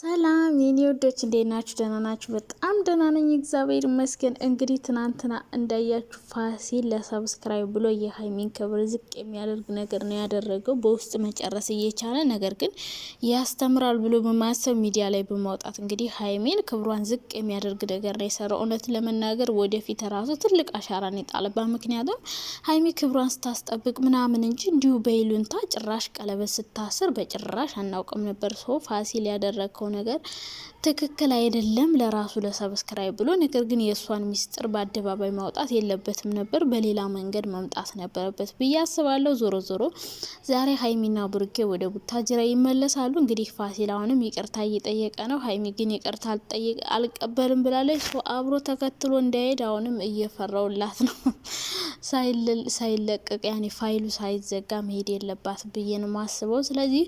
ሰላም የኔ ወዶች እንዴት ናችሁ? ደህና ናችሁ? በጣም ደህና ነኝ፣ እግዚአብሔር ይመስገን። እንግዲህ ትናንትና እንዳያችሁ ፋሲል ለሰብስክራይብ ብሎ የሀይሚን ክብር ዝቅ የሚያደርግ ነገር ነው ያደረገው። በውስጥ መጨረስ እየቻለ ነገር ግን ያስተምራል ብሎ በማሰብ ሚዲያ ላይ በማውጣት እንግዲህ ሀይሚን ክብሯን ዝቅ የሚያደርግ ነገር ነው የሰራው። እውነት ለመናገር ወደፊት ራሱ ትልቅ አሻራን የጣለባ ምክንያቱም ሀይሚ ክብሯን ስታስጠብቅ ምናምን እንጂ እንዲሁ በይሉንታ ጭራሽ ቀለበት ስታስር በጭራሽ አናውቅም ነበር። ሰው ፋሲል ያደረገው ያደረገው ነገር ትክክል አይደለም፣ ለራሱ ለሰብስክራይብ ብሎ። ነገር ግን የእሷን ሚስጥር በአደባባይ ማውጣት የለበትም ነበር፣ በሌላ መንገድ መምጣት ነበረበት ብዬ አስባለሁ። ዞሮ ዞሮ ዛሬ ሀይሚና ብሩኬ ወደ ቡታጅራ ይመለሳሉ። እንግዲህ ፋሲል አሁንም ይቅርታ እየጠየቀ ነው። ሀይሚ ግን ይቅርታ አልቀበልም ብላለች። አብሮ ተከትሎ እንዳይሄድ አሁንም እየፈራውላት ነው። ሳይለቀቅ ያኔ ፋይሉ ሳይዘጋ መሄድ የለባት ብዬ ነው ማስበው። ስለዚህ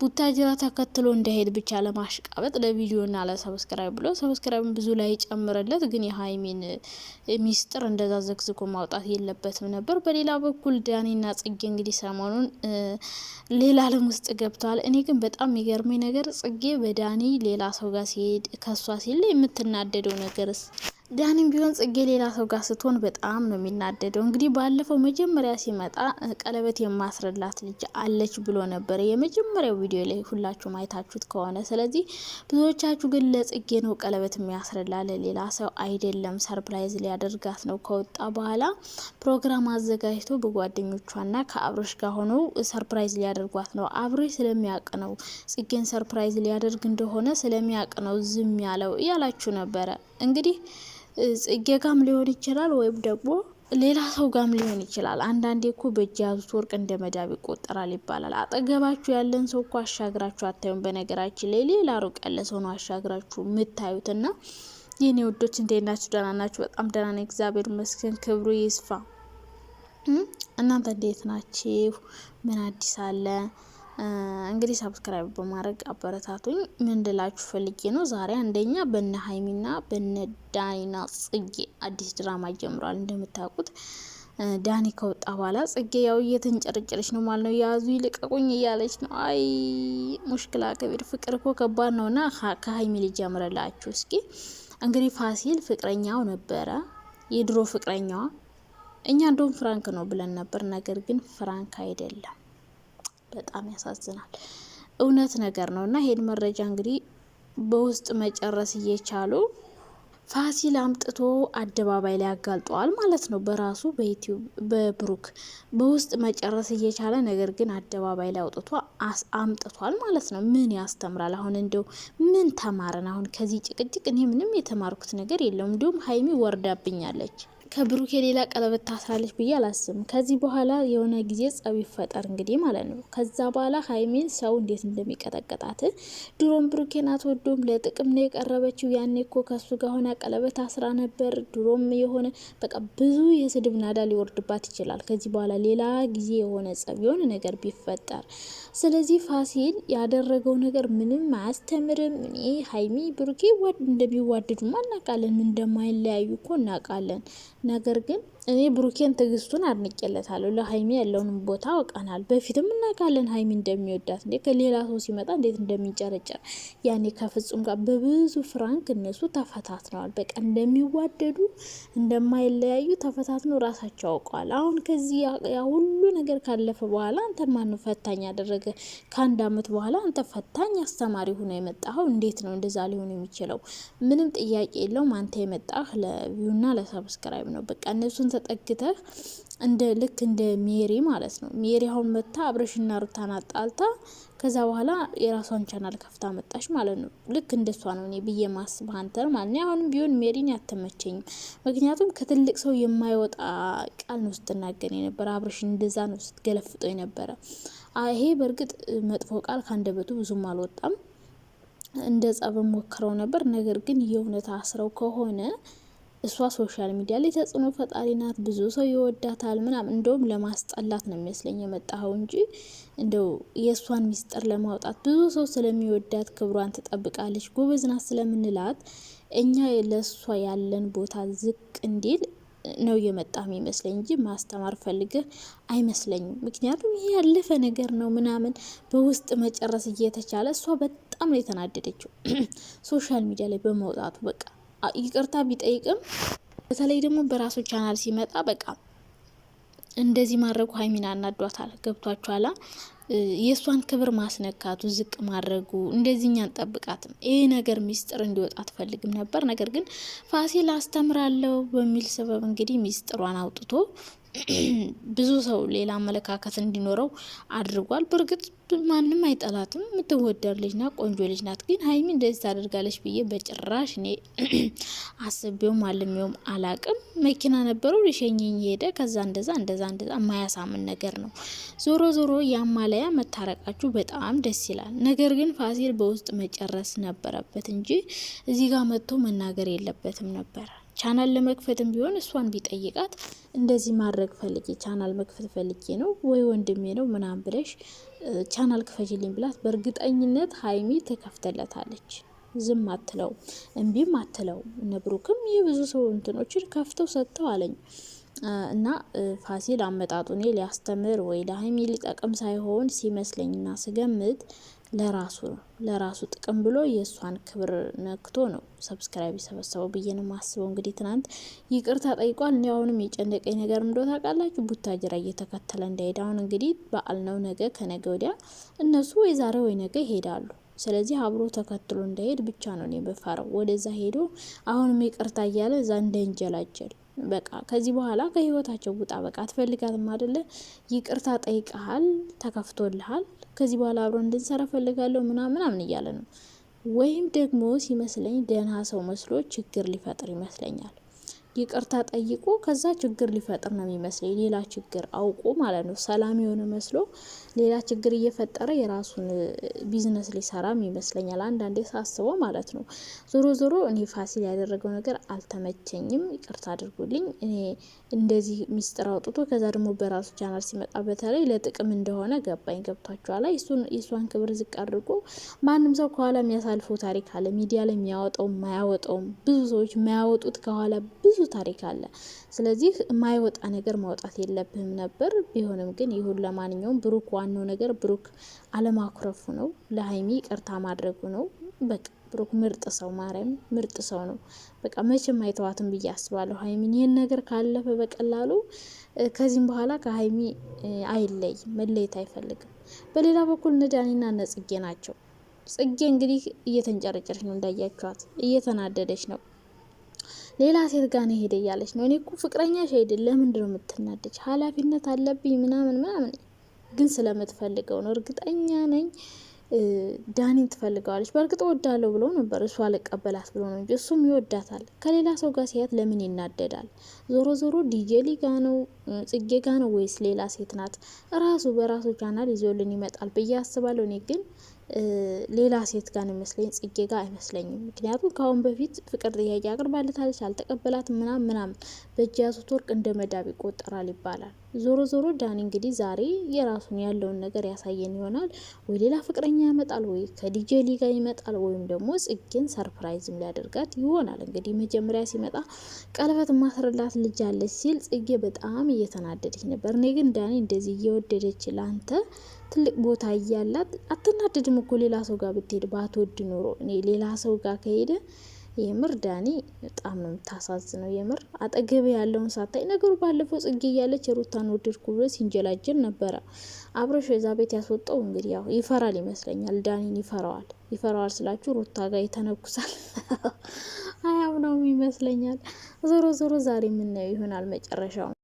ቡታጅራ ተከትሎ እንዳይሄድ ብቻ ለማሽቃበጥ ለቪዲዮና ለሰብስክራይብ ብሎ ሰብስክራይ ብዙ ላይ ጨምረለት፣ ግን የሀይሚን ሚስጥር እንደዛ ዘግዝጎ ማውጣት የለበትም ነበር። በሌላ በኩል ዳኒና ጽጌ እንግዲህ ሰሞኑን ሌላ ዓለም ውስጥ ገብተዋል። እኔ ግን በጣም የሚገርመኝ ነገር ጽጌ በዳኒ ሌላ ሰው ጋር ሲሄድ ከሷ ሲል የምትናደደው ነገርስ ዳኒም ቢሆን ጽጌ ሌላ ሰው ጋር ስትሆን በጣም ነው የሚናደደው። እንግዲህ ባለፈው መጀመሪያ ሲመጣ ቀለበት የማስረላት ልጅ አለች ብሎ ነበረ የመጀመሪያው ቪዲዮ ላይ ሁላችሁ ማየታችሁት ከሆነ። ስለዚህ ብዙዎቻችሁ ግን ለጽጌ ነው ቀለበት የሚያስረላ ለሌላ ሰው አይደለም፣ ሰርፕራይዝ ሊያደርጋት ነው። ከወጣ በኋላ ፕሮግራም አዘጋጅቶ በጓደኞቿና ከአብሮሽ ጋር ሆኖ ሰርፕራይዝ ሊያደርጓት ነው። አብሮሽ ስለሚያቅ ነው ጽጌን ሰርፕራይዝ ሊያደርግ እንደሆነ ስለሚያቅ ነው ዝም ያለው እያላችሁ ነበረ እንግዲህ ጽጌ ጋም ሊሆን ይችላል ወይም ደግሞ ሌላ ሰው ጋም ሊሆን ይችላል። አንዳንዴ እኮ በእጅ ያዙት ወርቅ እንደ መዳብ ይቆጠራል ይባላል። አጠገባችሁ ያለን ሰው እኮ አሻግራችሁ አታዩም። በነገራችን ላይ ሌላ ሩቅ ያለ ሰው ነው አሻግራችሁ የምታዩት። ና የኔ ውዶች እንዴት ናችሁ? ደህና ናችሁ? በጣም ደህና ነኝ፣ እግዚአብሔር ይመስገን፣ ክብሩ ይስፋ። እናንተ እንዴት ናችሁ? ምን አዲስ አለ? እንግዲህ ሰብስክራይብ በማድረግ አበረታቱኝ። ምን ልላችሁ ፈልጌ ነው ዛሬ አንደኛ በነ ሀይሚና በነ ዳኒና ጽጌ አዲስ ድራማ ጀምሯል። እንደምታውቁት ዳኒ ከወጣ በኋላ ጽጌ ያው እየተንጨረጨረች ነው ማለት ነው። የያዙ ይልቀቁኝ እያለች ነው። አይ ሙሽክላ ከቤድ ፍቅር እኮ ከባድ ነውና ከሀይሚ ልጅ ያምረላችሁ። እስኪ እንግዲህ ፋሲል ፍቅረኛው ነበረ የድሮ ፍቅረኛዋ። እኛ እንደውም ፍራንክ ነው ብለን ነበር፣ ነገር ግን ፍራንክ አይደለም በጣም ያሳዝናል። እውነት ነገር ነው እና ይሄን መረጃ እንግዲህ በውስጥ መጨረስ እየቻሉ ፋሲል አምጥቶ አደባባይ ላይ ያጋልጠዋል ማለት ነው። በራሱ በዩቲዩብ በብሩክ በውስጥ መጨረስ እየቻለ ነገር ግን አደባባይ ላይ አውጥቶ አምጥቷል ማለት ነው። ምን ያስተምራል? አሁን እንደው ምን ተማረን? አሁን ከዚህ ጭቅጭቅ እኔ ምንም የተማርኩት ነገር የለውም። እንዲሁም ሀይሚ ወርዳብኛለች። ከብሩኬ ሌላ ቀለበት ታስራለች ብዬ አላስብም። ከዚህ በኋላ የሆነ ጊዜ ጸብ ይፈጠር እንግዲህ ማለት ነው። ከዛ በኋላ ሀይሚን ሰው እንዴት እንደሚቀጠቀጣት ድሮም ብሩኬን አትወዶም፣ ለጥቅም ነው የቀረበችው። ያኔ እኮ ከሱ ጋር ሆና ቀለበት አስራ ነበር። ድሮም የሆነ በቃ ብዙ የስድብ ናዳ ሊወርድባት ይችላል። ከዚህ በኋላ ሌላ ጊዜ የሆነ ጸብ የሆነ ነገር ቢፈጠር ስለዚህ ፋሲል ያደረገው ነገር ምንም አያስተምርም። እኔ ሀይሚ ብሩኬ እንደሚዋደዱ እናውቃለን፣ እንደማይለያዩ እኮ እናውቃለን። ነገር ግን እኔ ብሩኬን ትዕግስቱን አድንቄለታለሁ። ለሀይሚ ያለውን ቦታ አውቀናል። በፊትም እናውቃለን ሀይሚ እንደሚወዳት እንዴ ከሌላ ሰው ሲመጣ እንዴት እንደሚንጨረጨር ያኔ ከፍጹም ጋር በብዙ ፍራንክ እነሱ ተፈታትነዋል። በቃ እንደሚዋደዱ እንደማይለያዩ ተፈታትነው ራሳቸው አውቀዋል። አሁን ከዚህ ያ ሁሉ ነገር ካለፈ በኋላ አንተ ማን ፈታኝ ያደረገ? ከአንድ አመት በኋላ አንተ ፈታኝ አስተማሪ ሆኖ የመጣኸው እንዴት ነው እንደዛ ሊሆን የሚችለው? ምንም ጥያቄ የለውም። አንተ የመጣህ ለቪዩና ለሰብስክራይብ ነው። በቃ እነሱን ተጠግተህ እንደ ልክ እንደ ሜሪ ማለት ነው። ሜሪ አሁን መታ አብረሽና ሩታን አጣልታ ከዛ በኋላ የራሷን ቻናል ከፍታ መጣች ማለት ነው። ልክ እንደሷ ነው እኔ ብዬ ማስብ አንተር ማለት ነው። አሁንም ቢሆን ሜሪን አትመቸኝም። ምክንያቱም ከትልቅ ሰው የማይወጣ ቃል ነው ስትናገር የነበረ አብረሽ እንደዛ ነው ስትገለፍጠው የነበረ። ይሄ በእርግጥ መጥፎ ቃል ከአንደበቱ ብዙም አልወጣም። እንደ ጸብ ሞክረው ነበር። ነገር ግን የእውነት አስረው ከሆነ እሷ ሶሻል ሚዲያ ላይ ተጽዕኖ ፈጣሪ ናት፣ ብዙ ሰው ይወዳታል ምናምን። እንደውም ለማስጠላት ነው የሚመስለኝ የመጣኸው እንጂ እንደው የእሷን ሚስጥር ለማውጣት ብዙ ሰው ስለሚወዳት ክብሯን ትጠብቃለች፣ ጎበዝ ናት ስለምንላት እኛ ለእሷ ያለን ቦታ ዝቅ እንዲል ነው የመጣ የሚመስለኝ እንጂ ማስተማር ፈልገህ አይመስለኝም። ምክንያቱም ይሄ ያለፈ ነገር ነው ምናምን በውስጥ መጨረስ እየተቻለ እሷ በጣም ነው የተናደደችው ሶሻል ሚዲያ ላይ በመውጣቱ በቃ ይቅርታ ቢጠይቅም በተለይ ደግሞ በራሱ ቻናል ሲመጣ በቃ እንደዚህ ማድረጉ ሀይሚን አናዷታል። ገብቷችኋላ? የእሷን ክብር ማስነካቱ ዝቅ ማድረጉ እንደዚህኛ አንጠብቃትም። ይህ ነገር ሚስጥር እንዲወጣ አትፈልግም ነበር። ነገር ግን ፋሲል አስተምራለሁ በሚል ሰበብ እንግዲህ ሚስጥሯን አውጥቶ ብዙ ሰው ሌላ አመለካከት እንዲኖረው አድርጓል። በእርግጥ ማንም አይጠላትም፣ የምትወደር ልጅ ናት፣ ቆንጆ ልጅ ናት። ግን ሀይሚ እንደዚህ ታደርጋለች ብዬ በጭራሽ እኔ አስቤውም አልሜውም አላቅም። መኪና ነበረው ሊሸኘኝ ሄደ። ከዛ እንደዛ እንደዛ እንደዛ የማያሳምን ነገር ነው። ዞሮ ዞሮ ያማለያ መታረቃችሁ በጣም ደስ ይላል። ነገር ግን ፋሲል በውስጥ መጨረስ ነበረበት እንጂ እዚህ ጋር መጥቶ መናገር የለበትም ነበር። ቻናል ለመክፈትም ቢሆን እሷን ቢጠይቃት እንደዚህ ማድረግ ፈልጌ ቻናል መክፈት ፈልጌ ነው ወይ ወንድሜ ነው ምናምን ብለሽ ቻናል ክፈችልኝ ብላት፣ በእርግጠኝነት ሀይሚ ትከፍተለታለች። ዝም አትለው፣ እምቢም አትለው። ነብሩክም የብዙ ሰው እንትኖችን ከፍተው ሰጥተው አለኝ እና ፋሲል አመጣጡኔ ሊያስተምር ወይ ለሀይሚ ሊጠቅም ሳይሆን ሲመስለኝና ስገምት ለራሱ ለራሱ ጥቅም ብሎ የእሷን ክብር ነክቶ ነው ሰብስክራይብ የሰበሰበው ብዬ ነው ማስበው። እንግዲህ ትናንት ይቅርታ ጠይቋል። እንዲ አሁንም የጨነቀኝ ነገር ምንዶ ታውቃላችሁ? ቡታጅራ እየተከተለ እንዳሄድ አሁን እንግዲህ በዓል ነው ነገ ከነገ ወዲያ እነሱ ወይ ዛሬ ወይ ነገ ይሄዳሉ። ስለዚህ አብሮ ተከትሎ እንዳሄድ ብቻ ነው እኔ በፈረው ወደዛ ሄዶ አሁንም ይቅርታ እያለ እዛ እንደንጀላጀል በቃ ከዚህ በኋላ ከህይወታቸው ውጣ። በቃ አትፈልጋትም አደለ? ይቅርታ ጠይቀሃል፣ ተከፍቶልሃል ከዚህ በኋላ አብረን እንድንሰራ ፈልጋለሁ ምናምን ምናምን እያለ ነው። ወይም ደግሞ ሲመስለኝ ደህና ሰው መስሎ ችግር ሊፈጥር ይመስለኛል። ይቅርታ ጠይቆ ከዛ ችግር ሊፈጥር ነው የሚመስለኝ። ሌላ ችግር አውቆ ማለት ነው። ሰላም የሆነ መስሎ ሌላ ችግር እየፈጠረ የራሱን ቢዝነስ ሊሰራም ይመስለኛል፣ አንዳንዴ ሳስበው ማለት ነው። ዞሮ ዞሮ እኔ ፋሲል ያደረገው ነገር አልተመቸኝም። ይቅርታ አድርጉልኝ። እኔ እንደዚህ ሚስጥር አውጥቶ ከዛ ደግሞ በራሱ ቻናል ሲመጣ በተለይ ለጥቅም እንደሆነ ገባኝ። ገብቷችኋል? የእሷን ክብር ዝቅ አድርጎ ማንም ሰው ከኋላ የሚያሳልፈው ታሪክ አለ። ሚዲያ ላይ የሚያወጣው ማያወጣውም ብዙ ሰዎች ማያወጡት ከኋላ ብዙ ታሪክ አለ። ስለዚህ የማይወጣ ነገር ማውጣት የለብህም ነበር። ቢሆንም ግን ይሁን። ለማንኛውም ብሩክ ዋናው ነገር ብሩክ አለማኩረፉ ነው፣ ለሀይሚ ቅርታ ማድረጉ ነው። በቃ ብሩክ ምርጥ ሰው ማርያም ምርጥ ሰው ነው። በቃ መቼም አይተዋትም ብዬ አስባለሁ ሀይሚን። ይህን ነገር ካለፈ በቀላሉ ከዚህም በኋላ ከሀይሚ አይለይ መለየት አይፈልግም። በሌላ በኩል እነ ዳኒና እነ ጽጌ ናቸው። ጽጌ እንግዲህ እየተንጨረጨረች ነው እንዳያችኋት፣ እየተናደደች ነው። ሌላ ሴት ጋር ነው ሄደ እያለች ነው። እኔ እኮ ፍቅረኛሽ አይደል፣ ለምንድን ነው የምትናደጅ? ኃላፊነት አለብኝ ምናምን ምናምን፣ ግን ስለምትፈልገው ነው እርግጠኛ ነኝ። ዳኒን ትፈልገዋለች። በእርግጥ ወዳለው ብሎ ነበር እሱ አልቀበላት ብሎ ነው እንጂ እሱም ይወዳታል። ከሌላ ሰው ጋር ሲያት ለምን ይናደዳል? ዞሮ ዞሮ ዲጄሊ ጋ ነው ጽጌ ጋ ነው ወይስ ሌላ ሴት ናት? ራሱ በራሱ ቻናል ይዞልን ይመጣል ብዬ አስባለሁ እኔ ግን ሌላ ሴት ጋር ነው ይመስለኝ፣ ጽጌ ጋር አይመስለኝም። ምክንያቱም ከአሁን በፊት ፍቅር ጥያቄ አቅርባለታለች፣ አልተቀበላት ምናም ምናም። በእጅ ያዙት ወርቅ እንደ መዳብ ይቆጠራል ይባላል። ዞሮ ዞሮ ዳኒ እንግዲህ ዛሬ የራሱን ያለውን ነገር ያሳየን ይሆናል። ወይ ሌላ ፍቅረኛ ይመጣል፣ ወይ ከዲጄ ሊጋ ይመጣል፣ ወይም ደግሞ ጽጌን ሰርፕራይዝም ሊያደርጋት ይሆናል። እንግዲህ መጀመሪያ ሲመጣ ቀለበት ማስረላት ልጅ አለች ሲል ጽጌ በጣም እየተናደደች ነበር። እኔ ግን ዳኒ እንደዚህ እየወደደች ላንተ ትልቅ ቦታ እያላት አትናደድም እኮ ሌላ ሰው ጋር ብትሄድ ባትወድ ኖሮ እኔ ሌላ ሰው ጋር ከሄደ የምር ዳኒ በጣም ነው የምታሳዝነው። የምር አጠገብ ያለውን ሳታይ ነገሩ ባለፈው ጽጌ እያለች የሩታን ወደድኩ ብሎ ሲንጀላጀል ነበረ። አብረሽ የዛ ቤት ያስወጣው እንግዲህ ያው ይፈራል ይመስለኛል። ዳኒን ይፈራዋል። ይፈራዋል ስላችሁ ሩታ ጋር ይተነኩሳል አያም ነው ይመስለኛል። ዞሮ ዞሮ ዛሬ የምናየው ይሆናል መጨረሻው